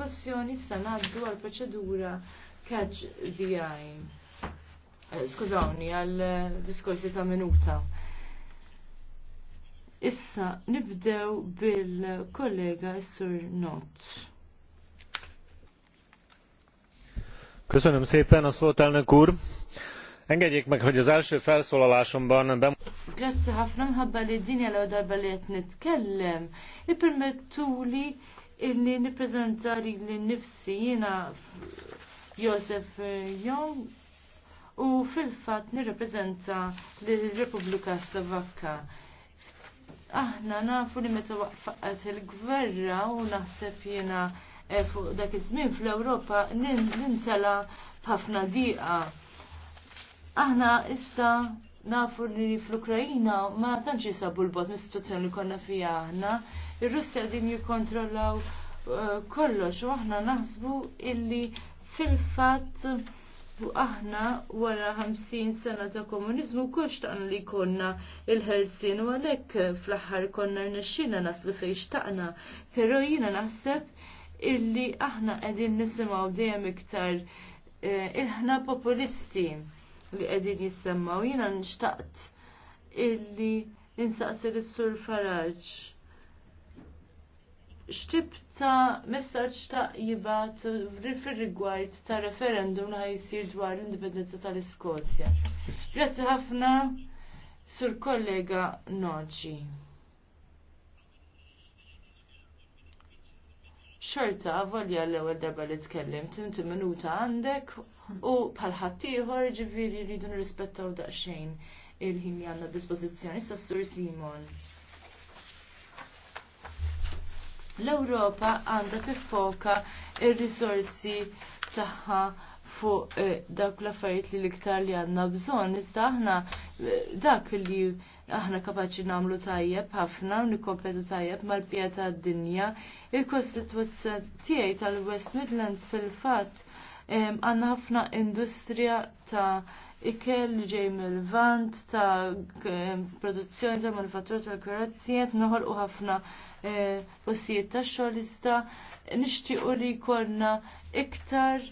diskussjoni issa ngħaddu għal proċedura catch the eye. Eh, skużawni għal diskorsi ta' minuta. Issa nibdew bil-kollega Sir Not. Köszönöm szépen a szót, elnök úr! Engedjék meg, hogy az első felszólalásomban bem... Grazie ħafna ha beli, dinja l beli, etnit kellem. nitkellem. meg túli, illi nippreżenta li nnifsi jiena Josef Jong u fil-fatt nirrepreżenta l-Repubblika Slovakka. Aħna nafu li meta waqqaqet il-gwerra u naħseb jiena eh, fuq dak iż-żmien fl-Ewropa nintela b'ħafna diqa. Aħna issa nafu li fl-Ukrajina ma tantx jisabu l-bot mis-situazzjoni li konna fija aħna. Ir-Russja din jikkontrollaw kollox u aħna naħsbu illi fil-fatt u aħna wara 50 sena ta' komunizmu kux taqna li konna il-ħelsin u għalek fl-axħar konna rnexxina naslu fej xtaqna, pero jina naħseb illi aħna qegħdin nisimgħu dejjem iktar eh, il-ħna populisti li qegħdin jissemmaw jiena nixtaqt illi insaqsi lis sur Faraġ xtib ta' messaġġ ta' jiba fil-rigward ta' referendum li jisir dwar l-indipendenza tal-Iskozja. Grazzi ħafna sur kollega Noċi. Xorta, volja l-ewel darba li tkellim, timti minuta għandek u bħalħattijħor ġiviri rridu nirrispettaw daqxejn il-ħin li għanna dispozizjoni sa' Sur Simon. L-Ewropa għandha tiffoka ir-risorsi tagħha fuq eh, dawk l-affarijiet li l-iktar li għandna bżonn, iżda aħna eh, dak li aħna kapaċi nagħmlu tajjeb ħafna u nikkompetu tajjeb mal-pija tad-dinja. Il-kostituzzja tiegħi tal-West Midlands fil-fatt għandna ħafna industrija ta' ikel li ġej mill-vant ta' produzzjoni ta' manifattura tal-karazzijiet noħolqu ħafna E, postijiet ta' xogħol iżda nixtiequ li jkollna iktar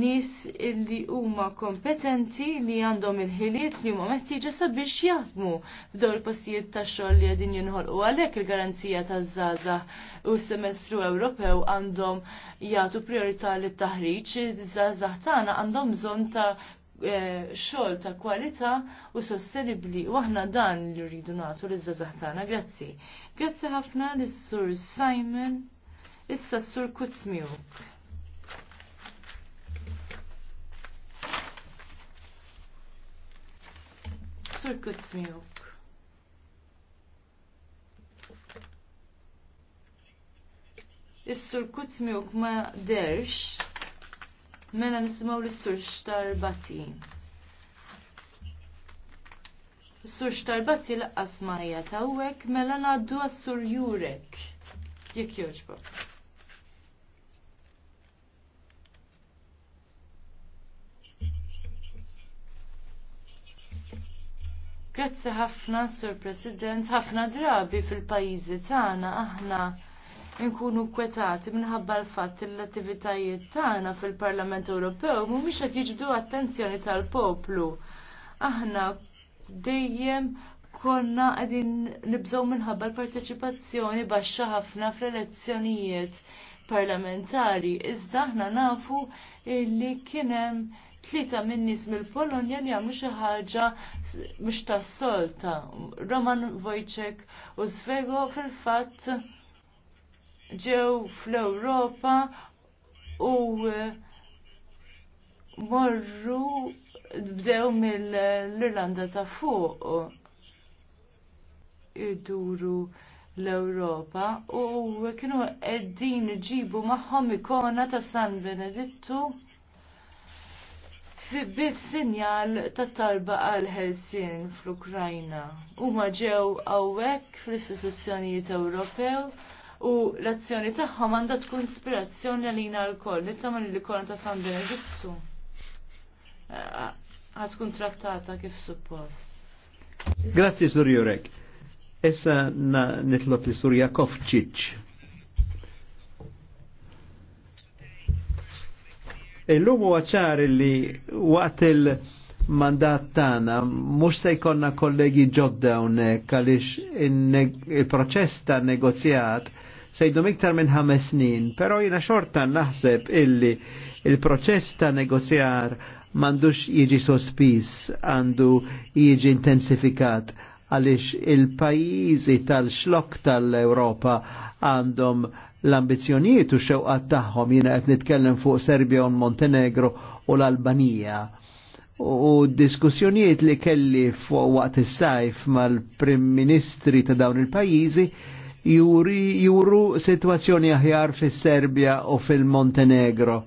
nies illi huma kompetenti li għandhom il-ħiliet li huma meħtieġa sabiex jaħdmu f'dawn il-postijiet tax-xogħol li qegħdin jinħolqu għalhekk il-garanzija taż-żgħażagħ u s-semestru Ewropew għandhom jagħtu priorità lit-taħriġ, iż-żgħażagħ tagħna għandhom bżonn ta' Eh, xogħol ta' kwalità u sostenibbli u aħna dan li rridu nagħtu liż-żazax tagħna. Grazzi. Grazzi ħafna lis-Sur Simon, issa s-Sur Kutzmiuk. Sur Kutzmiuk. Is-Sur Kutzmiuk ma derx Mela nisimgħu lis-sur xtarbati. Sur xtarbati laqqas majja tawwek mela ngħaddu għas-sur Jurek. Jekk jogħġbok. Grazzi ħafna, Sur President, ħafna drabi fil-pajjiżi tagħna aħna nkunu kwetati minħabba l-fatt li l-attivitajiet tagħna fil-Parlament Ewropew mhumiex qed jiġbdu attenzjoni tal-poplu. Aħna dejjem konna qegħdin nibżgħu minħabba l-parteċipazzjoni baxxa ħafna fl-elezzjonijiet parlamentari. Iżda aħna nafu li kien hemm tlieta min nies mill-Polonja li għamu xi ħaġa mhux tas-solta. Roman Wojciech u Svego fil-fatt ġew fl-Ewropa u eh, morru bdew mill-Irlanda ta' fuq iduru l-Ewropa u kienu qegħdin ġibu magħhom ikona ta' San Benedittu bil sinjal ta' tarba għal Helsin fl-Ukrajna. Huma ġew hawnhekk fl-istituzzjonijiet Ewropew u l-azzjoni tagħhom għandha tkun ispirazzjoni għalina l-koll, li tagħmel li kolla ta' San Benedittu. Eh, Ħatkun trattata kif suppost. Grazzi, Sur Jurek. Issa nitlob li Sur Jakov Ċiċ. Illum e huwa għacħar li waqt il- mandat tana mux se jkonna kollegi ġodda unnek għalix il-proċess ta' negozjat se jdum iktar minn ħames snin, pero jina xorta naħseb illi il-proċess ta' negozjar mandux jiġi sospis, għandu jiġi intensifikat għalix il-pajizi tal-xlok tal-Europa għandhom l-ambizjonijiet u xewqat tagħhom jina qed nitkellem fuq Serbia u Montenegro u l-Albanija u diskussjonijiet li kelli fuq waqt is-sajf mal-Prim Ministri ta' dawn il-pajjiżi juri juru situazzjoni aħjar fis-Serbja u fil-Montenegro.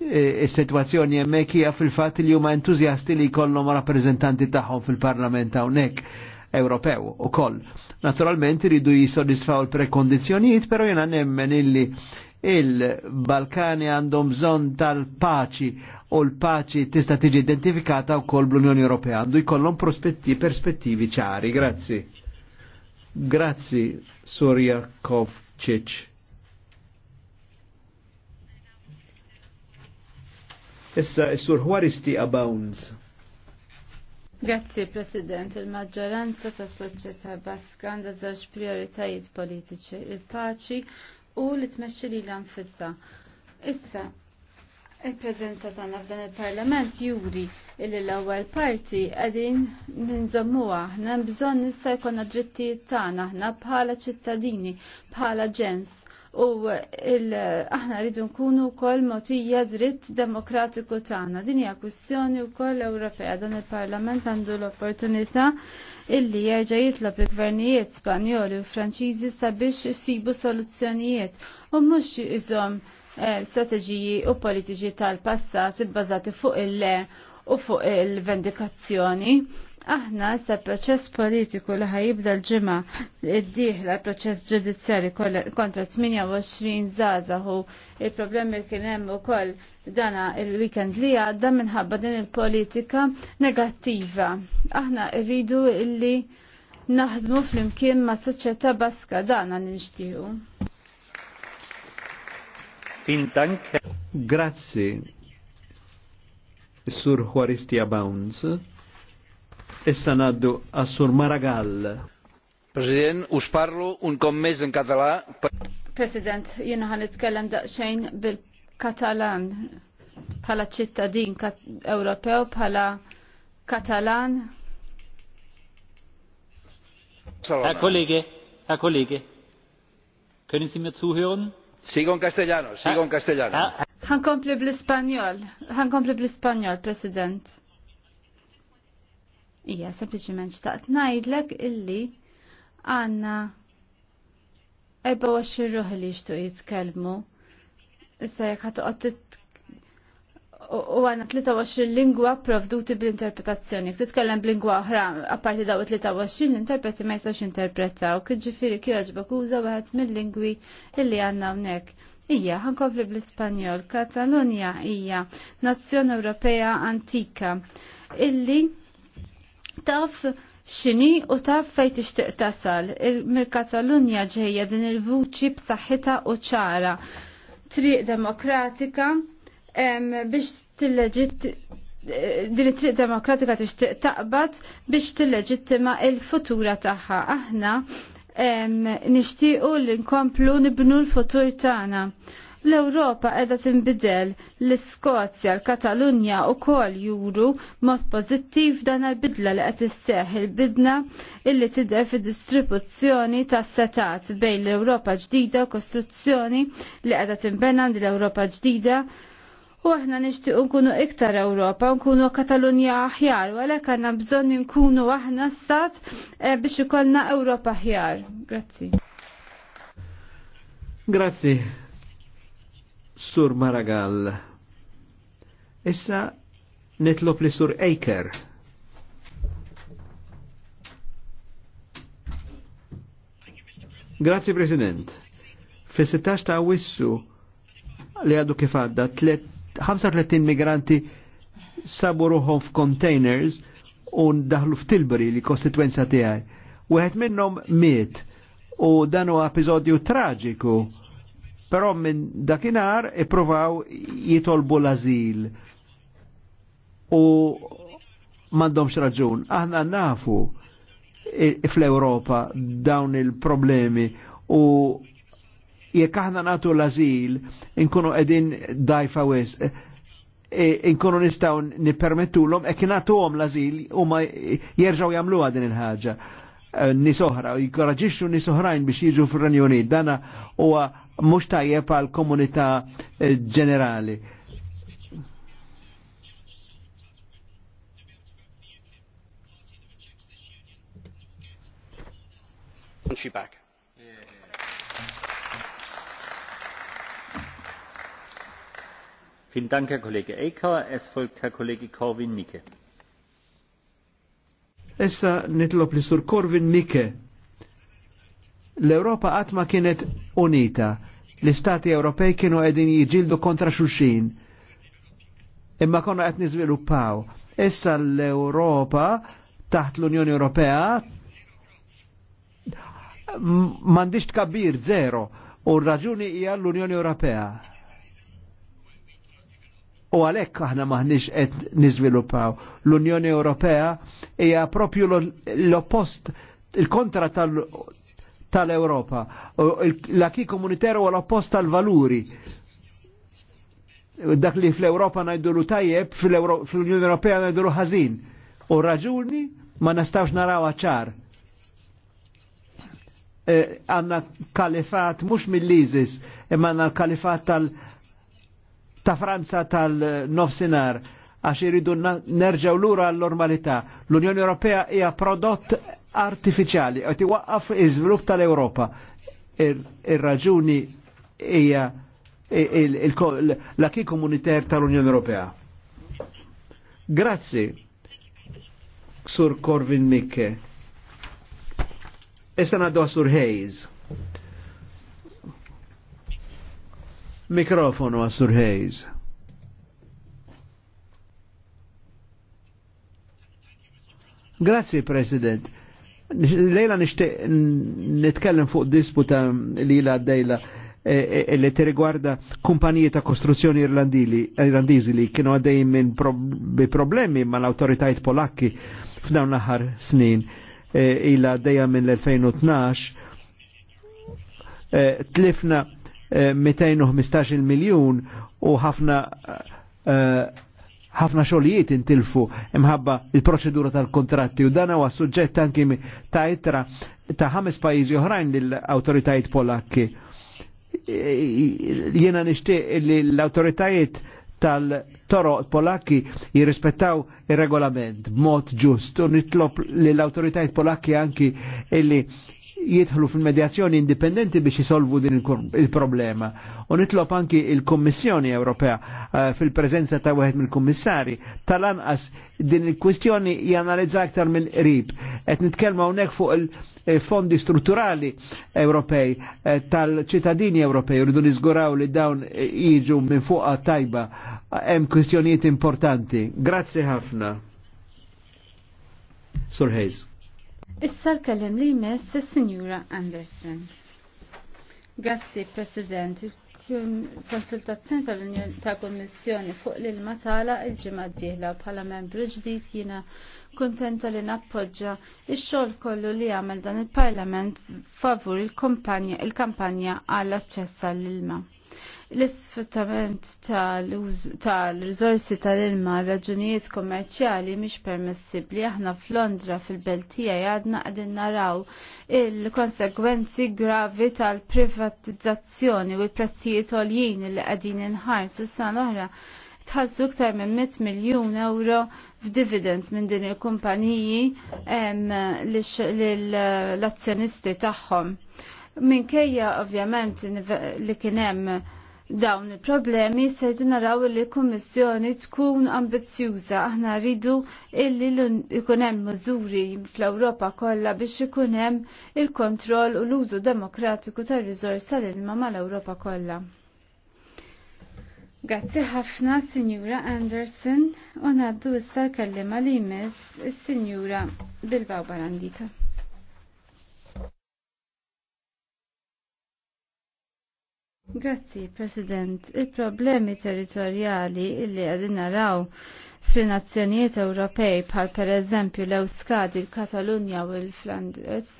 E, Is-sitwazzjoni hemmhekk hija fil-fatt li huma entużjasti li jkollhom rappreżentanti tagħhom fil-Parlament hawnhekk Ewropew ukoll. Naturalment iridu jisodisfaw il-prekondizzjonijiet, però jiena nemmen illi il-Balkani għandhom bżon tal-paċi u l-paċi tista' tiġi identifikata u wkoll bl-Unjoni Ewropea għandu jkollhom prospetti perspettivi ċari. Grazzi. Grazzi Surja Kovčić. Issa is-Sur Juaristi Abounds. Grazie President, il-maġġoranza tas soċjetà Baska għandha żewġ prioritajiet politiċi, il-paċi u li tmexxi li l-anfissa. Issa, il-prezenza tagħna f'dan il-Parlament juri illi l-ewwel parti qegħdin ninżommuha aħna bżonn issa jkollna drittijiet tagħna aħna bħala ċittadini, bħala ġens u aħna rridu nkunu wkoll motija dritt demokratiku tagħna. Din hija kwistjoni wkoll Ewropea dan il-Parlament għandu l-opportunità illi jerġa' jitlob il-gvernijiet Spanjoli u Franċiżi sabiex isibu soluzzjonijiet u mhux iżhom eh, strateġiji u politiċi tal-passat ibbażati fuq il-le u fuq il-vendikazzjoni. Aħna sa proċess politiku li ħajibda l-ġimgħa id-dieħla proċess ġudizzjali kontra 28 żgħażagħ u il-problemi kien hemm ukoll dana il-weekend li għadda minħabba din il-politika negattiva. Aħna rridu illi naħdmu fl-imkien ma' soċjetà Baska dana nixtiequ. Fin tank. Grazzi. Sur Juaristia Bounds. Issa naddu Assur Maragall. President, us parlu un kommez in Katalà. President, jena għan itkellem daqxejn bil-Katalan pala ċittadin Ewropew, pala Katalan. Ha Kollege, ha Kollege, können Sie mir zuhören? Sigo en castellano, sigo en castellano. Han Ħankompli bl han komple bl-Ispanjol, President. Ija, sempliciment xtaqt najdlek illi għanna 24 ruħ li xtuq jitkelmu. Issa jek ħatuqot u għanna 23 lingwa provduti bl-interpretazzjoni. Titkellem b'lingwa oħra, apparti daw 23 l-interpreti ma jistax interpretaw. Kħiġifiri kjoġba kuża waħed mill-lingwi illi għanna unnek. Ija, ħankopli bl-Ispanjol, Katalunja ija, nazzjon Ewropea antika, illi taf xini u taf fej tixtieq tasal. Mill-Katalunja ġejja din il-vuċi b'saħħita u ċara. Triq demokratika biex t-leġit din it-triq demokratika tixtieq taqbad biex tilleġittima il-futura tagħha. Aħna nixtiequ li nkomplu nibnu l-futur tagħna. L-Europa edha timbidel l-Skozja, l-Katalunja u kol juru mod pozittiv dan l-bidla li qed isseħ il-bidna illi tidher fi distribuzzjoni ta' setat bejn l-Europa ġdida u kostruzzjoni li qiegħda timbena l-Europa ġdida U aħna nixtiequ nkunu iktar Ewropa, nkunu Katalunja aħjar, u għalhekk għandna bżonn nkunu aħna stat eh, biex ikollna Ewropa aħjar. Grazzi. Grazzi. Sur Maragall. Issa nitlob li Sur Eiker. Grazie President. Fi 16 ta' wissu li għadu kif għadda 35 migranti sabu ruħom f'containers u daħlu f'Tilbury li kostituenza tiegħi. Wieħed minnhom miet u dan huwa episodju traġiku Però minn dakinhar ippruvaw jitolbu l-azil u m'għandhomx raġun. Aħna nafu fl-Europa dawn il-problemi u jekk aħna nagħtu l-azil inkunu qegħdin dajfa wis e, inkunu nistgħu nippermettulhom hekk nagħtuhom l-azil huma jerġgħu jagħmluha din il-ħaġa nisohra, oħra, jikoraġixxu nis biex jiġu fil-Renjoni, Unit. Dana huwa mhux tajjeb għal komunità eh, ġenerali. Vielen Dank, Herr Kollege Eker. Es folgt Herr Kollege corwin nicke Issa nitlob li sur Corvin Mike. L-Europa għatma kienet unita. L-Istati Ewropej kienu għedin jġildu kontra xuxin. Imma konna għet nizviluppaw. Issa l-Europa taħt l-Unjoni Ewropea mandiċt tkabbir zero u raġuni hija l-Unjoni Ewropea u għalhekk aħna maħniex qed niżviluppaw. L-Unjoni Ewropea hija propju l-oppost il-kontra tal-Europa. L-aki u l oppost tal-valuri. Dak li fl-Europa najdulu tajjeb, fl-Unjoni Ewropea najdulu ħażin. U raġuni ma nistawx naraw ċar. Eh, għanna kalifat mux mill-ISIS, imma għanna kalifat tal- ta' Franza tal-nofsinar għax iridu nerġaw lura għall-normalità. L-Unjoni Ewropea hija prodott artificiali u tiwaqqaf iż-żvilupp tal-Ewropa. Ir-raġuni hija l-aki komuniter tal-Unjoni Ewropea. Grazzi, Sur Corvin Mikke. Issa naddu Sur Hayes. Mikrofonu għasur sur Hayes. Grazie, President. Lejla nishtiq nitkellem fuq disputa li la dejla e, e, e, li ti riguarda kumpaniji ta' kostruzzjoni irlandizi li kienu għaddej minn problemi ma' l-autoritajt polakki f'dawn l-aħħar snin ila għaddejja minn l-2012 tlifna 215 eh, miljun u ħafna eh, eh, ħafna xogħlijiet intilfu imħabba il-proċedura tal-kontratti u dan għas suġġett anki ta' itra ta' ħames pajjiżi oħrajn lill-awtoritajiet Polakki. Jena nishtiq li l-awtoritajiet tal toro polakki jirrispettaw il-regolament b'mod ġust u nitlob l-autoritajiet polakki anki illi jidħlu fil-medjazzjoni indipendenti biex jisolvu din il-problema. U nitlob anki il-Kommissjoni Ewropea eh, fil-prezenza ta' wieħed mill-Kummissari tal-anqas din il-kwistjoni janalizza aktar mill-qrib. Qed nitkellma hawnhekk fuq il-fondi eh, strutturali Ewropej eh, tal-ċittadini Ewropej rridu niżguraw li dawn jiġu minn fuqha tajba hemm kwistjonijiet importanti. Grazzi ħafna. Sur Hayes. Issa l-kellem li jmess s signora Anderson. Grazzi, President. Konsultazzjoni tal-Kommissjoni unjoni fuq l-ilma il-ġimgħa diħla bħala membru ġdijt jina kuntenta li nappoġġa il xogħol kollu li għamel dan il-Parlament favur il-kampanja għall-aċċess għall-ilma. L-isfruttament tal-rizorsi tal-ilma raġunijiet kommerċjali mhix permessibbli aħna f'Londra fil-Beltija jadna qegħdin naraw il-konsegwenzi gravi tal-privatizzazzjoni u l-prezzijiet għoljin li qegħdin inħarsu sa l-oħra tħassu ktar minn 100 miljun euro f'dividends minn din il-kumpaniji l-azzjonisti tagħhom. Minkejja ovvjament li kien hemm dawn il-problemi se naraw li l-Kommissjoni tkun ambizjuża aħna rridu illi ikun hemm miżuri fl-Ewropa kollha biex ikun hemm il-kontroll u l-użu demokratiku tar riżorsi tal-ilma mal-Ewropa kollha. Grazzi ħafna Sinjura Anderson u ngħaddu issa l-kellima li jmiss is-Sinjura Bilbao Barandika. Grazzi, President. Il-problemi territorjali li għadin naraw fil-nazzjonijiet Ewropej bħal per eżempju l euskad il katalunja u l-Flandres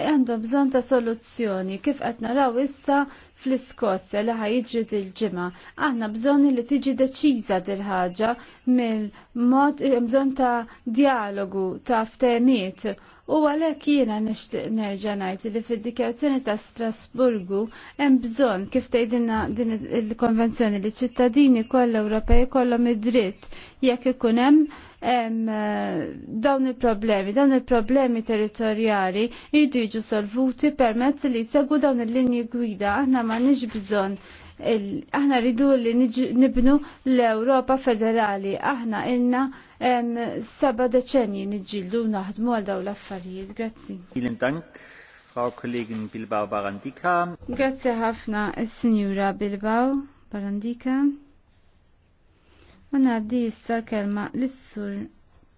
għandhom bżon ta' soluzzjoni kif qed naraw issa fl-Iskozja li ħajġri dil-ġimgħa. Aħna bżonn li tiġi deċiża dil-ħaġa mill-mod bżon ta' dialogu ta' ftemiet U għalhekk jiena nixtieq nerġa' ngħid li fid-dikjazzjoni ta' Strasburgu hemm bżonn kif tgħidilna din il-konvenzjoni li ċittadini kollha Ewropej kollhom id-dritt jekk ikun hemm dawn il-problemi, dawn il-problemi territorjali jridu jiġu solvuti permezz li jsegwu dawn il-linji gwida aħna ma nix bżonn aħna rridu li nibnu l-Europa federali. Aħna inna seba deċenji nġildu naħdmu għal daw l-affarijiet. Grazzi. Vielen tank, Frau Kollegin Bilbao Barandika. Grazzi ħafna, Signora Bilbao Barandika. Ma di issa kelma l-Sur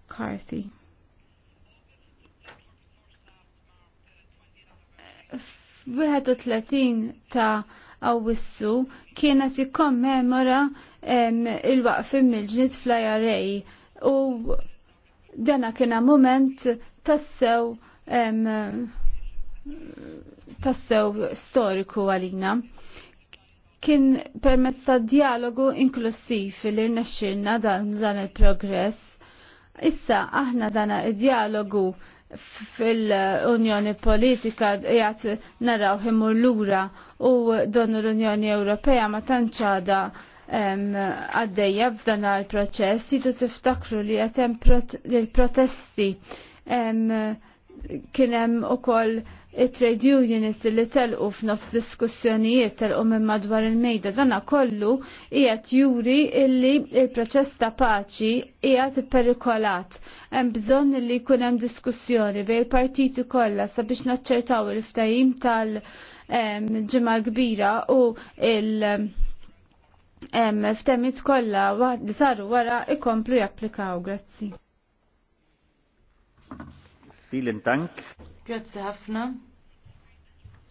Carthy. 31 ta' Awwissu kienet jikkommemora il waqfi mill-ġnit fl-IRA u dana kiena moment tassew tassew storiku għalina. Kien permezz ta' dialogu inklusiv li rnexxilna dan, dan il-progress. Issa aħna dana il-dialogu fil-Unjoni Politika jgħat naraw himur lura u donu l-Unjoni Ewropea ma tanċada għaddejja f'dan għal-proċess jitu tiftakru li l protesti kienem u koll trade unionist li telqu f'nofs diskussjonijiet telqu minn madwar il-mejda. Dana kollu qiegħed juri illi il-proċess ta' paċi qiegħed perikolat. Hemm bżonn li jkun hemm diskussjoni bejn il-partiti kollha sabiex naċċertaw il-ftajim tal-ġimgħa kbira u il- Em, kollha li saru wara ikomplu japplikaw, grazzi. Vielen Dank. Grazzi ħafna.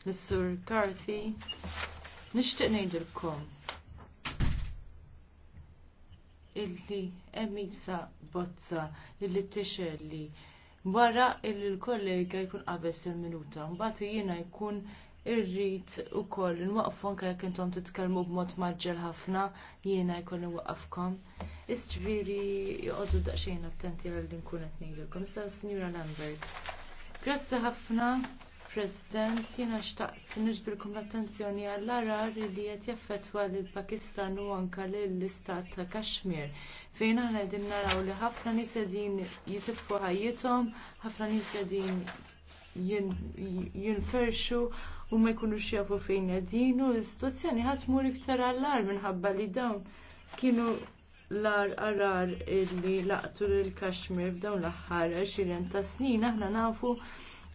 Nissur Carthy. Nishtiq ngħidilkom illi emisa bozza illi tixelli wara illi l-kollega jkun qabes il-minuta, mbagħad jiena jkun irrid ukoll nwaqfu anke jekk intom titkellmu b'mod maġġel ħafna jiena jkolli waqafkom. Iġifieri joqogħdu daqsxejn attenti għal li nkun qed ngħidilkom. Issa Sinjura Lambert. Grazzi ħafna, President, jiena xtaqt niġbilkom l-attenzjoni għall arar li qed jaffettwa lil Pakistan u anke lill-istat ta' Kashmir fejn aħna qegħdin naraw li ħafna nies qegħdin jitilfu ħajjithom, ħafna nies qegħdin jinferxu u ma jkunux jafu fejn jadinu, l-situazzjoni ħatmur iktar allar minħabba li dawn kienu l-ar arar illi laqtu l-Kashmir f'dawn l-axħar 20 ta' snin, aħna nafu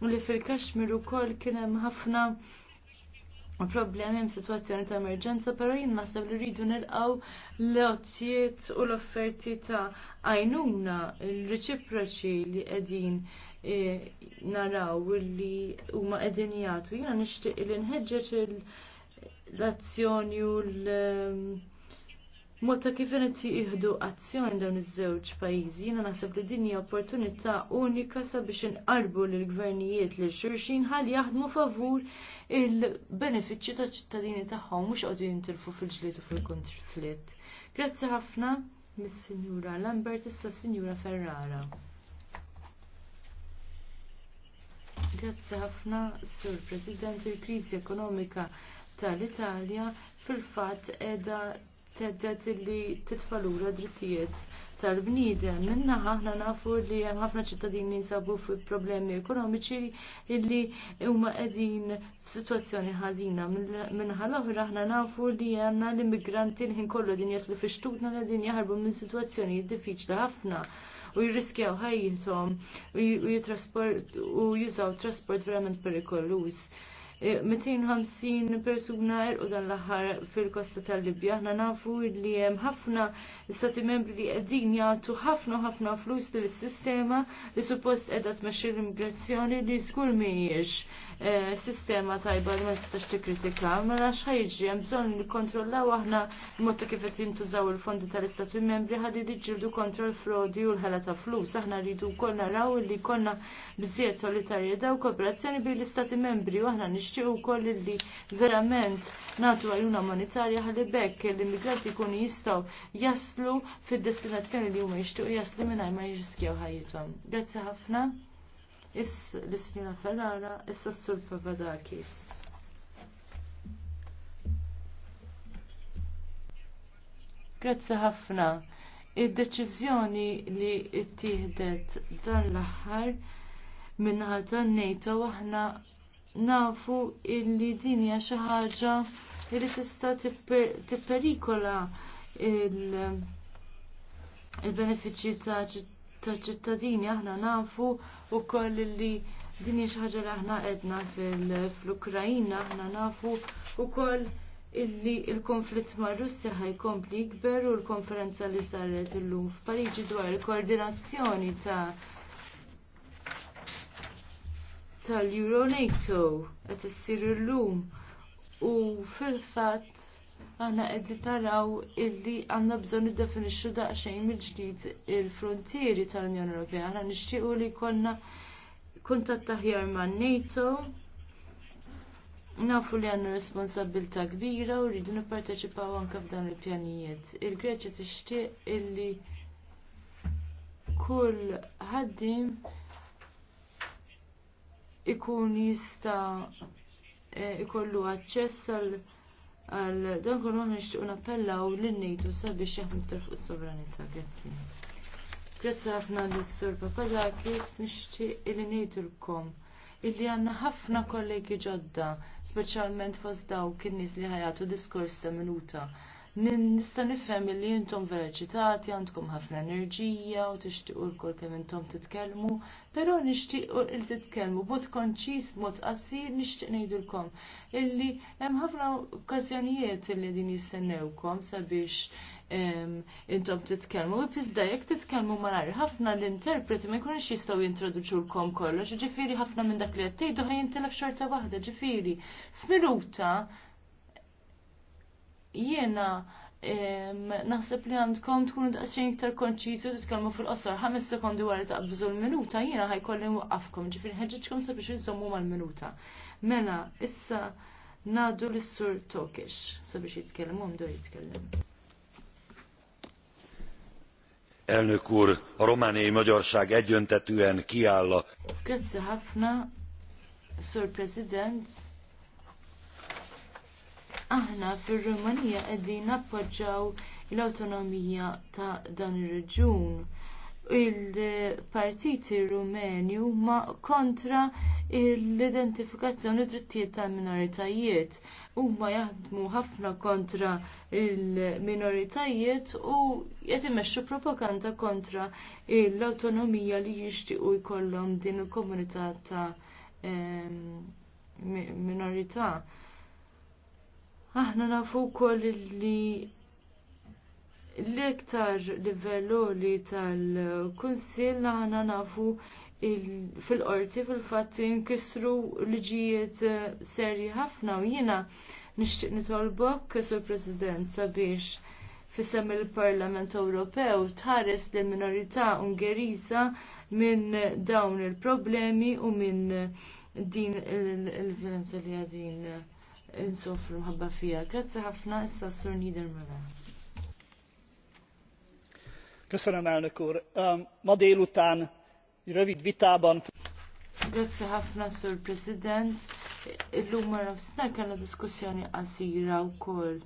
li fil-Kashmir u kol kienem ħafna problemi hemm situazzjoni ta' emerġenza, però jien naħseb li rridu nilqgħu l ozzjiet u l-offerti ta' għajnuna l-reċiproċi li qegħdin E, naraw li huma qegħdin jagħtu. Jiena nixtieq li nħeġġeġ l-azzjoni u l mod kif qed jieħdu azzjoni dawn iż-żewġ pajjiżi. Jiena naħseb li din hija opportunità unika sabiex inqarbu lill gvernijiet lil xulxin ħalli jaħdmu favur il-benefiċċji taċ ċittadini tagħhom mhux qogħdu jintilfu fil-ġlied u fil-konflitt. Grazzi ħafna mis-Sinjura Lambert issa Sinjura Ferrara. Grazzi ħafna, Sur President, il-kriżi ekonomika tal-Italja fil-fatt edha teddet li titfalura drittijiet tal-bniedem. Minna aħna nafu li hemm ħafna ċittadini jinsabu fi problemi ekonomiċi illi huma qegħdin f'sitwazzjoni ħażina. Minħa l-oħra aħna nafu li għandna l-immigranti l-ħin kollu din jaslu fi xtutna li qegħdin jaħarbu minn sitwazzjonijiet diffiċli ħafna u jirriskjaw ħajjithom u jitrasport u jużaw trasport verament perikoluż. 250 persuna erqu dan l-aħħar fil-kosta tal-Libja. Aħna nafu li hemm ħafna stati membri li qegħdin jagħtu ħafna ħafna flus lill sistema li suppost qiegħda tmexxi l-immigrazzjoni li skur mhijiex eh, sistema tajba li ma tistax tikkritika. Mela x'ħajġi hemm bżonn nikkontrollaw aħna l-mod kif qed jintużaw il-fondi tal-istati membri ħalli li ġildu kontroll l-frodi u l-ħela ta' flus. Aħna rridu konna raw li konna bżiet solidarjetà u kooperazzjoni bil-istati membri u aħna nix nixtieq ukoll li verament nagħtu għajuna monetarja ħalli bekk l-immigranti jkunu jistgħu jaslu fid-destinazzjoni li huma jixtiequ jaslu mingħajr ma jirriskjaw ħajjithom. Grazzi ħafna. Is l istina Ferrara, issa s-Sur Papadakis. Grazzi ħafna. Id-deċiżjoni li ttieħdet dan l-aħħar minnaħa tan-NATO aħna nafu illi din hija xi ħaġa li tista' tipperikola il-benefiċċji ta' ċittadini aħna nafu wkoll li din hija xi ħaġa li aħna qedna fl-Ukrajina aħna nafu wkoll illi il-konflitt ma' Russja ħajkompli jikber u l-konferenza li saret illum f'Pariġi dwar il-koordinazzjoni ta' tal-Euro NATO qed issir illum u fil-fatt aħna qed taraw illi għandna bżonn iddefinixxu daqsxejn mill-ġdid il-frontieri tal-Unjoni Ewropea. Aħna nixtiequ li jkollna kuntatt aħjar man-NATO Nafu li għannu responsabilta kbira u rridu nipparteċipaw anka f'dan il-pjanijiet. Il-Greċja tixtieq illi kull ħaddim ikun jista eh, ikollu aċċess għal għal dan kollu nixtiequ nappellaw l nejtu sabiex jaħdmu t fuq is-sovranità. Grazzi. Grazzi ħafna l sur Papadakis nixtieq li ngħidulkom illi għandna ħafna kollegi ġodda, speċjalment fost dawk in-nies li ħajatu diskors ta' minuta. Nista nifhem li intom vera ċitati, għandkom ħafna enerġija u tixtiequ lkoll kemm intom titkellmu, però nixtiequ il titkellmu b'mod konċis, b'mod qasir nixtieq ngħidulkom illi hemm ħafna okkażjonijiet illi din jistennewkom sabiex intom titkellmu. U iżda jekk titkellmu malari ħafna l-interpreti ma jkunx jistgħu jintroduċulkom kollox, ġifieri ħafna minn dak li qed tgħidu ħajjintilef xorta waħda, ġifieri f'minuta Jiena naħseb li għandkom tkunu daqsxejn iktar konċiżi u titkellmu fil-qosor ħames sekondi wara taqbżu l-minuta jiena ħajkolli waqafkom ġifieri ħeġġitkom sabiex inżommu mal-minuta. Mela, issa nadu l-sur Tokish sabiex jitkellem għandu jitkellem. Elnök úr, a romániai magyarság egyöntetűen kiáll a... Grazie ħafna, Sur President, Aħna fir-Rumanija qegħdin nappoġġaw l-awtonomija ta' dan ir-reġjun. Il-partiti rumeni huma kontra l-identifikazzjoni u drittijiet tal-minoritajiet. Huma jaħdmu ħafna kontra il-minoritajiet u qed imexxu propaganda kontra l-awtonomija li jixtiequ jkollhom din il-komunità ta' minorità. Aħna nafu wkoll li l-iktar livellu li tal-kunsil aħna nafu fil-qorti fil-fatt nkissru liġijiet eh, serji ħafna u jiena nixtieq nitolbok, Sur President, sabiex fissem il-Parlament Ewropew tħares li minorità Ungerisa minn dawn il-problemi u minn din il-violenza li għadin insofru ħabba fija. Grazzi ħafna issa s-sur Niedermüller. Köszönöm, elnök úr. Um, ma délután rövid vitában... Grazzi ħafna, sur President. Illum mara f'sna kellna diskussjoni qasira wkoll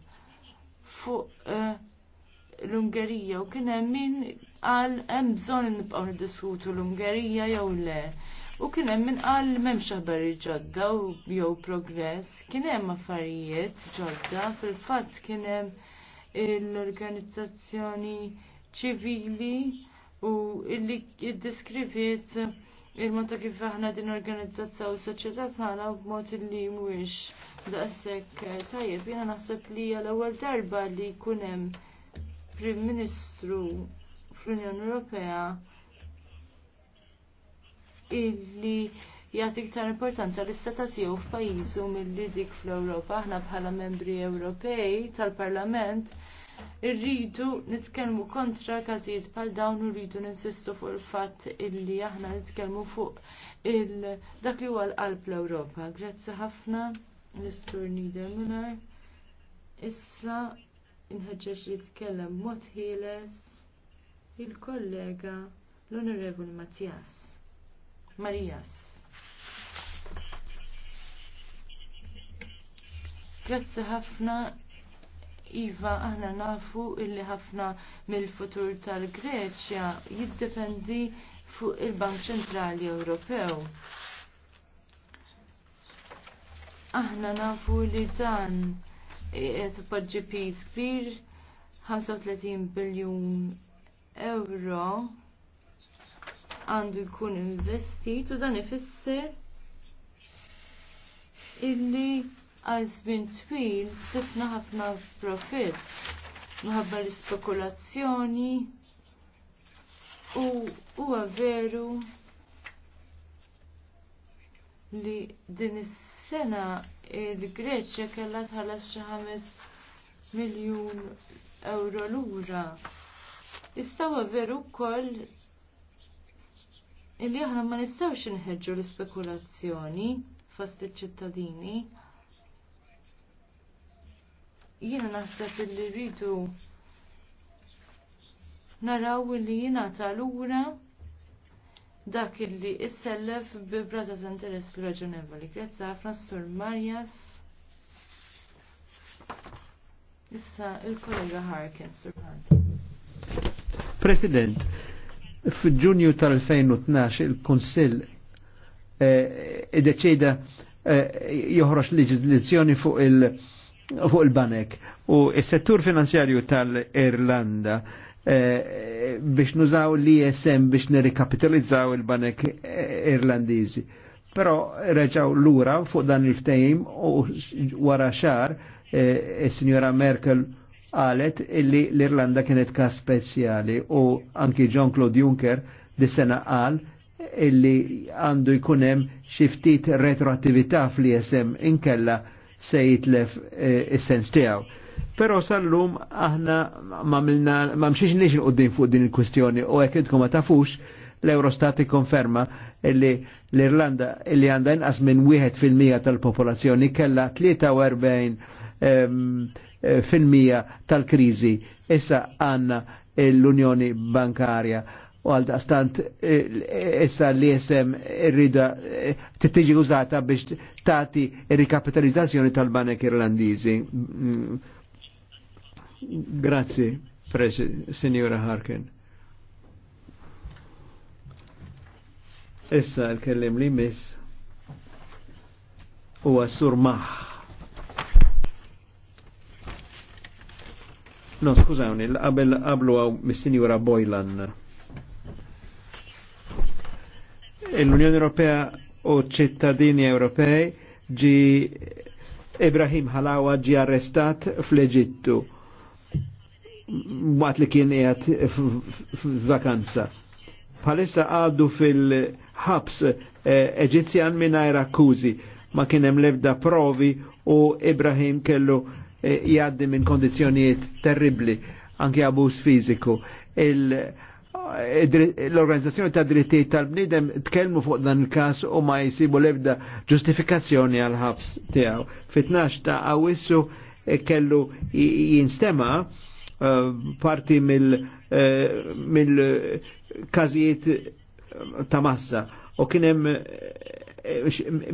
fuq eh, l-Ungerija u kien hemm min qal hemm bżonn nibqgħu niddiskutu l-Ungerija jew le u kien hemm min qal m'hemmx aħbar ġodda u jew progress, kien hemm affarijiet ġodda, fil-fatt kien hemm l-organizzazzjoni ċivili u illi iddeskrivit il-mod kif aħna din organizzazzaw soċjetà tagħna b'mod illi mhuwiex daqshekk tajjeb jiena naħseb li hija l-ewwel darba li jkun hemm Prim Ministru fl-Unjoni Ewropea illi jagħti iktar importanza l-istata tiegħu f'pajjiżu milli dik fl-Ewropa. Aħna bħala membri Ewropej tal-Parlament irridu nitkellmu kontra każijiet bħal dawn u rridu ninsistu fuq il-fatt illi aħna nitkellmu fuq il dak li huwa l-qalb l-Ewropa. Grazzi ħafna Mr. sur Issa inħeġġeġ li jitkellem mod ħieles il-kollega l-Onorevoli Mattias. Marijas. Grazzi ħafna Iva, aħna nafu illi ħafna mill-futur tal-Greċja jiddependi fuq il-Bank Ċentrali Ewropew. Aħna nafu li dan qed poġġi pis kbir 35 biljun euro għandu jkun investit u dan ifisser illi għal żmien twil tifna ħafna profitt minħabba l-ispekulazzjoni u huwa veru li din is-sena il-Greċja kellha tħallas xi ħames miljun euro lura. Istawa veru wkoll illi aħna ma nistgħux inħeġġu l-ispekulazzjoni fost iċ-ċittadini. Jiena naħseb illi rridu naraw illi jiena tal-ura dak illi issellef bi brata ta' interess raġonevoli. Grazzi ħafna Sur Marjas. Issa il-kollega Harkin, Sur Marjas. President, F'Ġunju tal-2012 il-Kunsill eh, id-deċida eh, joħroġ leġislazzjoni fuq il- il-banek u s-settur finanzjarju tal-Irlanda eh, biex nużaw l-ISM biex nirikapitalizzaw il-banek irlandizi. Pero reġaw l-ura fuq dan il-ftejim u wara xar, il-Sinjora Merkel għalet illi l-Irlanda kienet ka speċjali u anki John Claude Juncker di sena għal illi għandu jkunem xiftit retroattività fl-ISM inkella se jitlef e, is-sens e, tiegħu. Però sal-lum aħna mamilna mamxiex nix qudin fuq din il-kwistjoni u hekk intkom ma tafux l-Eurostat konferma illi l-Irlanda illi għandha inqas minn wieħed fil-mija tal-popolazzjoni kellha 43 um, fil-mija tal-krizi. Issa għanna l-Unjoni Bankarja u għal stant issa li jesem t-tiġi użata biex tati rikapitalizzazzjoni tal-banek irlandizi. Grazzi, Signora Harkin. Issa l-kellim li mis u għassur maħ. No, skużawni, qabel qablu għaw mis-Sinjura Boylan. L-Unjoni Ewropea u ċittadini Ewropej ġi Ibrahim Halawa ġi arrestat fl-Eġittu waqt li kien qiegħed f'vakanza. Palissa għaddu fil-ħabs eh, Eġizzjan mingħajr akkużi ma kien hemm lebda provi u Ibrahim kellu E, jgħaddi minn kondizjonijiet terribli, anke abuż fiziku. E, l-organizzazzjoni ta' drittijiet tal-bnidem tkellmu fuq dan il-kas u ma jisibu lebda ġustifikazzjoni għal ħabs tiegħu. fit ta' awissu e, kellu jinstema parti mill-kazijiet ta' massa u kienem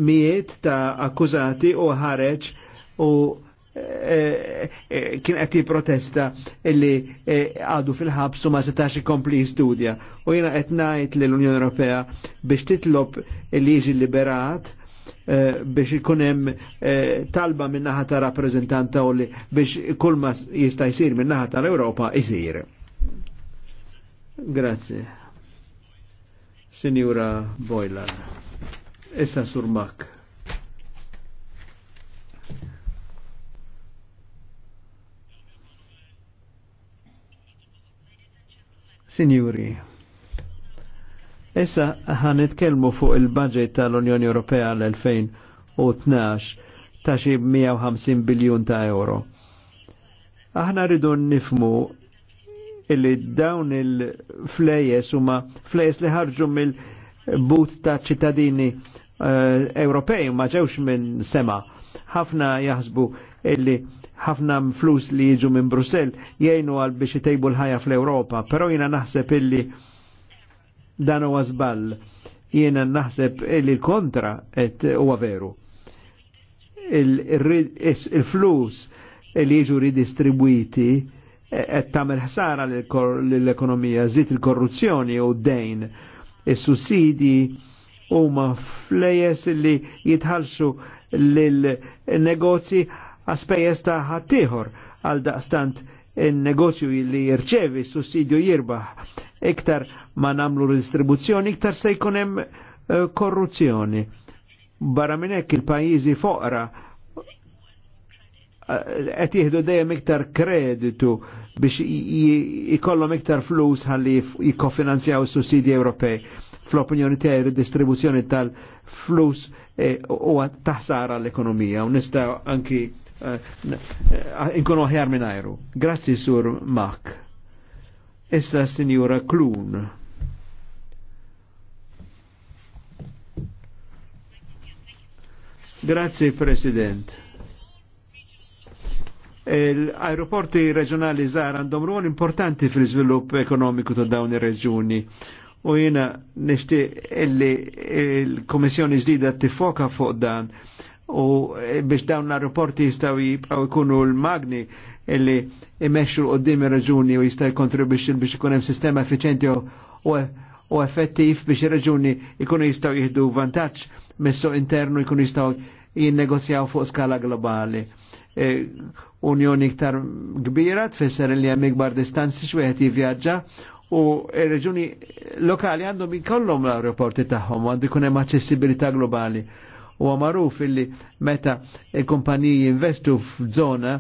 miet ta' akkużati u ħareċ u kien qed jipprotesta illi eh, għadu fil-ħabs u ma setax ikompli jistudja. U jiena qed ngħid lill unjoni Ewropea biex titlob li jiġi liberat eh, biex ikun hemm eh, talba minn naħa ta' rappreżentanta u li biex kull ma jista' jsir minn naħa tal-Ewropa jsir. Grazie. Signora Boylan. Issa surmak. Signori, issa ħan nitkellmu fuq il-budget tal-Unjoni Ewropea l-2012 ta' xi 150 biljun ta' euro. Aħna rridu nifmu illi dawn il-flejes huma flejes li ħarġu mill-but ta' ċittadini eh, Ewropej ma ġewx minn sema. Ħafna jaħsbu illi ħafna mflus li jiġu minn Brussell jgħinu għal biex jtejbu l-ħajja fl-Ewropa, però jiena naħseb illi dan huwa żball. Jiena naħseb illi l-kontra qed huwa veru. Il-flus li jiġu ridistribwiti e, qed tagħmel ħsara l-ekonomija, żid il-korruzzjoni u d-dejn, is-sussidi huma flejes li jitħallsu lil negozji għaspejjeż ta' ħaddieħor għal daqstant il-negozju li jirċevi sussidju jirbaħ iktar ma namlu redistribuzzjoni iktar se jkun hemm eh, korruzzjoni. Barra minn hekk il-pajjiżi foqra eh, qed jieħdu dejjem iktar kreditu biex ikollhom iktar flus ħalli jikkofinanzjaw is-sussidji Ewropej fl-opinjoni tiegħi redistribuzzjoni tal-flus eh, huwa taħsara l-ekonomija u nista' anki inkunu aħjar minn ajru. Grazzi sur Mak. Issa Sinjura Klun. Grazzi President. L-aeroporti reġjonali żgħar għandhom ruol importanti fil-iżvilupp ekonomiku ta' dawn ir-reġjuni u jiena nixtieq il l-Kummissjoni ġdida tifoka fuq dan u e, biex dawn rapporti jistaw jibqaw ikunu l-magni illi imexxu qoddim ir-raġuni u jistaw jkontribwixxi biex ikun hemm sistema effiċenti u effettiv biex raġuni ikunu jistgħu jieħdu vantaġġ messu internu jkunu jistgħu jinnegozjaw fuq skala globali. E, unjoni iktar kbira tfisser li hemm ikbar distanzi x'wieħed jivvjaġġa u il reġuni lokali għandhom ikollhom l-aeroporti tagħhom għandu jkun hemm aċċessibilità globali U għamaruf illi meta il-kumpaniji investu f'żona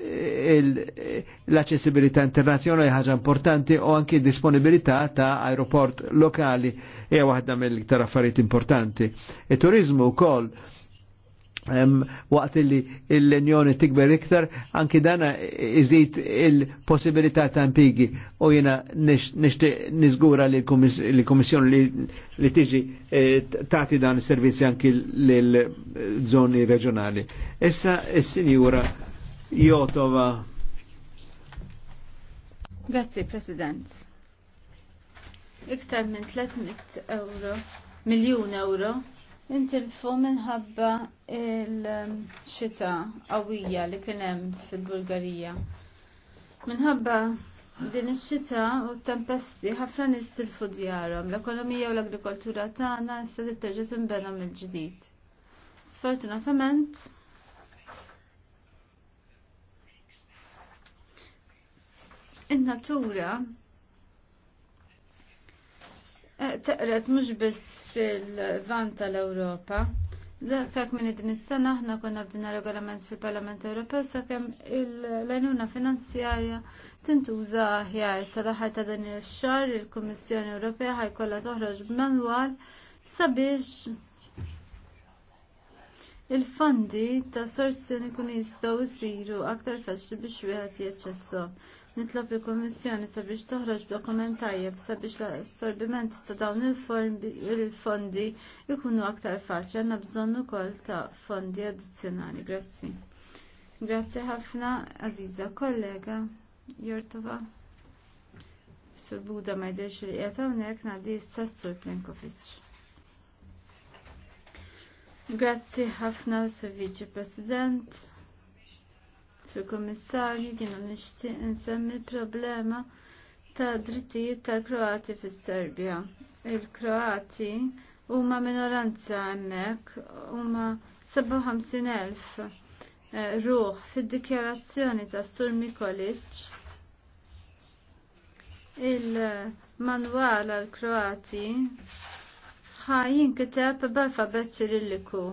l-accessibilità internazjonali ħaġa importanti u anki disponibilità ta' aeroport lokali e waħda mill-iktar affarijiet importanti. E turizmu kol waqt li l-Unjoni tikber iktar, anki dana iżid il-possibilità ta' impigi u jena nizgura li l-Komissjoni li tiġi eh, tati dan il-servizzi anki l zoni reġjonali. Issa il-Sinjura Jotova. Grazie, President. Iktar minn 300 euro, miljon euro intilfu minħabba il-xita qawwija li kien hemm fil-Bulgarija. Minħabba din ix-xita u t-tempesti ħafna nistilfu djarhom, l-ekonomija u l-agrikoltura tagħna issa titterġa' tinbena mill-ġdid. Sfortunatament, in-natura Eh, teqret mhux biss fil-vant tal-Ewropa. Dak minn din is-sena aħna konna bdina regolament fil-Parlament Ewropew sakemm l-għajnuna finanzjarja tintuża aħjar sal ta' dan ix xar il-Kummissjoni Ewropea ħajkollha toħroġ b'manwal sabiex il-fondi ta' sorzjoni kun jistgħu jsiru aktar faċli biex wieħed jaċċessom. Nitlob il-Kommissjoni sabiex toħroġ dokument tajjeb sabiex l-assorbiment ta' dawn il-fondi jkunu aktar faċli għandna bżonn ukoll ta' fondi addizzjonali. Grazzi. Grazzi ħafna, Aziza, kollega, Jortova. Sur Buda ma jdirx li qiegħed hawnhekk ngħaddi issa Sur Plenkovic. Grazzi ħafna Sur Viċi President. Sur Kommissarju jiena nixtieq insemmi problema ta' drittijiet tal Kroati fis-Serbja. Il-Kroati huma minoranza hemmhekk huma 57,000 eh, ruħ fid-dikjarazzjoni ta' Sur Mikolic il-manwal għal-Kroati ħajin kiteb b'alfabet ċirilliku.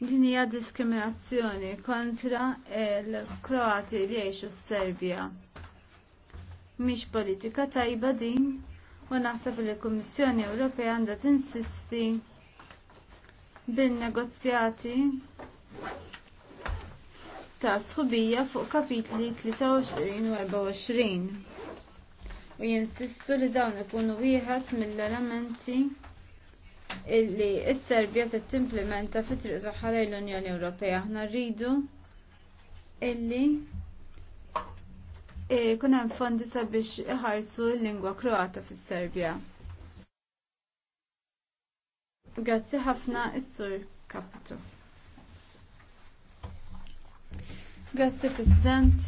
Din hija diskriminazzjoni kontra l-Kroati li jgħixu s-Serbja. Mhix politika tajba din u naħseb li l-Kummissjoni Ewropea għandha tinsisti bin-negozjati ta' sħubija fuq kapitli 23 u 24 u jinsistu li dawn ikunu wieħed mill-elementi illi s-Serbja qed implementa fit-triq tagħha lejn l-Unjoni Ewropea. Aħna rridu illi eh, kun hemm fondi sabiex iħarsu l-lingwa Kroata fis-Serbja. Grazzi ħafna is-Sur Kaputo. Grazzi President.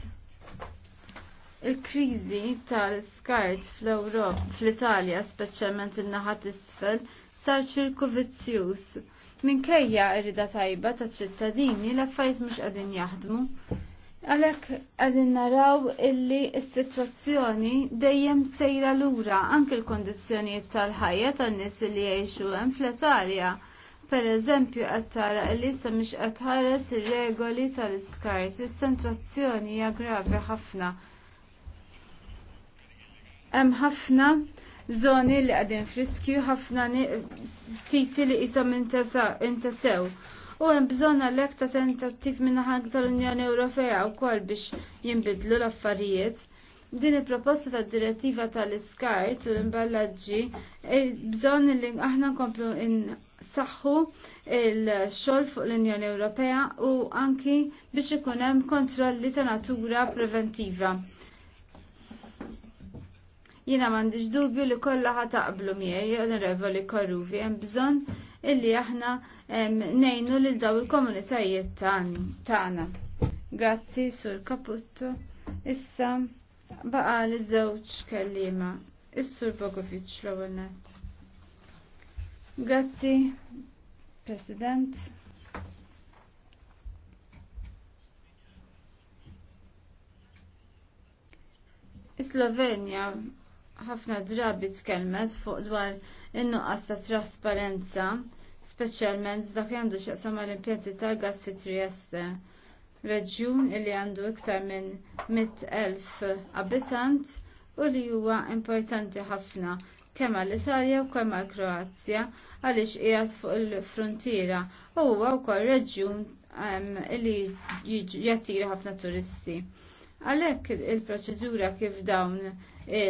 Il-kriżi tal-skart fl-Ewropa, fl-Italja, speċjalment il naħat isfel, tal ċirku vizzjuż. Minkejja irrida tajba ta' ċittadini l-affajt mhux qegħdin jaħdmu. Għalhekk qegħdin naraw illi s-sitwazzjoni dejjem sejra lura anke l-kondizzjonijiet tal-ħajja tan-nies li jgħixu hemm fl-Italja. Per eżempju għad tara illi sa mux qed tħares ir-regoli tal-iskart. is situazzjoni hija gravi ħafna. Hemm ħafna zoni li għadin friskju ħafna siti li jisom intasew. U hemm bżonn għalhekk ta' tentattiv ħank tal-Unjoni Ewropea wkoll biex jinbidlu l-affarijiet. Din il-proposta ta' direttiva tal-iskart u l-imballaġġi e, bżonn li aħna nkomplu saħħu il-xol fuq l-Unjoni Ewropea u anki biex ikun hemm kontrolli ta' natura preventiva. Jina mandiġ dubju li kollha ħataqblu miegħi onorevoli Korruvi hemm bżonn illi aħna nejnu lil daw il-komunitajiet tagħna. Grazzi sur Kaputto. Issa baqa li żewġ kellima. Is-sur Bogovic l-ewwel nett. Grazzi, President. Slovenja ħafna drabi tkellmet fuq dwar in-nuqqas ta' trasparenza, speċjalment dak li għandu x'jaqsam mal-impjanti tal-gas fi Trieste, reġjun li għandu iktar minn 100,000 abitant u li huwa importanti ħafna kemm għall-Italja u kemm għall-Kroazja għaliex qiegħed fuq il-frontiera u huwa wkoll reġjun li jattira ħafna turisti. Għalhekk il-proċedura kif dawn eh,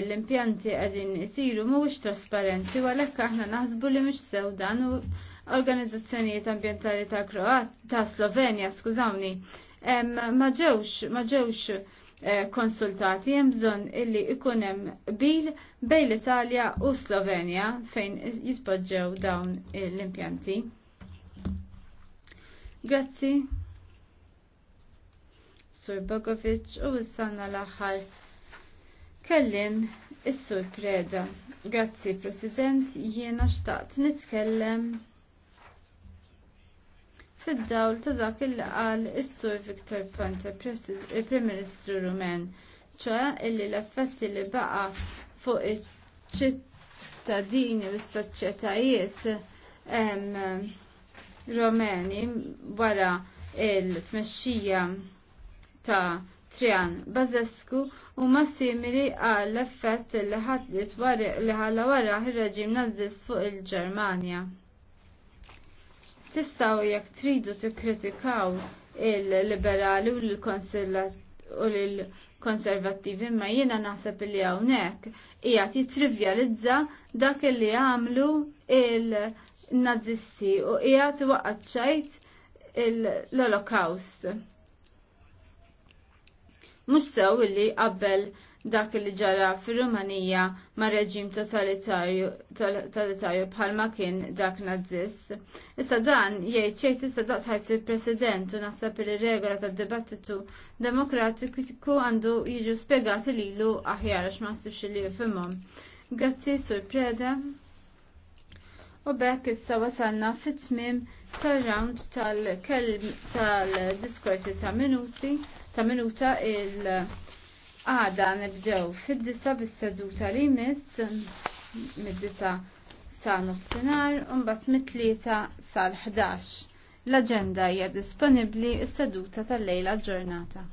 l-impjanti qegħdin isiru mhuwiex trasparenti u għalhekk aħna naħsbu li mux sew dan u organizzazzjonijiet ambjentali ta' Kroat ta' Slovenja, skużawni, ma ġewx eh, konsultati hemm bżonn illi ikun hemm bil bejn l-Italja u Slovenja fejn jispoġġew dawn eh, l-impjanti. Grazzi. Sur Bogovic u s-sanna l-axħar kellim is-Sur Preda. Grazzi President, jiena xtaqt nitkellem fid-dawl ta' dak il qal is-Sur Viktor Ponte, il-Prim Ministru Rumen, ċa illi l-effetti li baqa fuq iċ-ċittadini u s-soċċetajiet Romeni wara il-tmexxija ta' Trian Bazescu huma simili għall effett li ħadlit li ħalla wara ir-reġim fuq il-Ġermanja. Tistgħu jekk tridu tikkritikaw il-liberali u l-konservattivi ma jiena naħseb li hawnhekk hija jitrivjalizza dak li għamlu il-Nazisti u qiegħed waqgħat il-Holocaust mhux sew qabel dak li ġara fir-Rumanija ma' reġim totalitarju bħalma kien dak nazist. Issa dan jgħid ċejt issa daqsħajs il-President u naħseb li regola tad dibattitu demokratiku għandu jiġu spiegati lilu aħjar għax ma sibx li jifhimhom. Grazzi sur Preda. U bekk issa wasalna fit-tmim tal-round tal-diskorsi ta' minuti ta' minuta il għada nibdew fid-disa bis-seduta li mist mid-disa sa' nofsinhar u mbagħad mit-tlieta sal-11. L-aġenda hija disponibbli s-seduta tal-lejla ġurnata.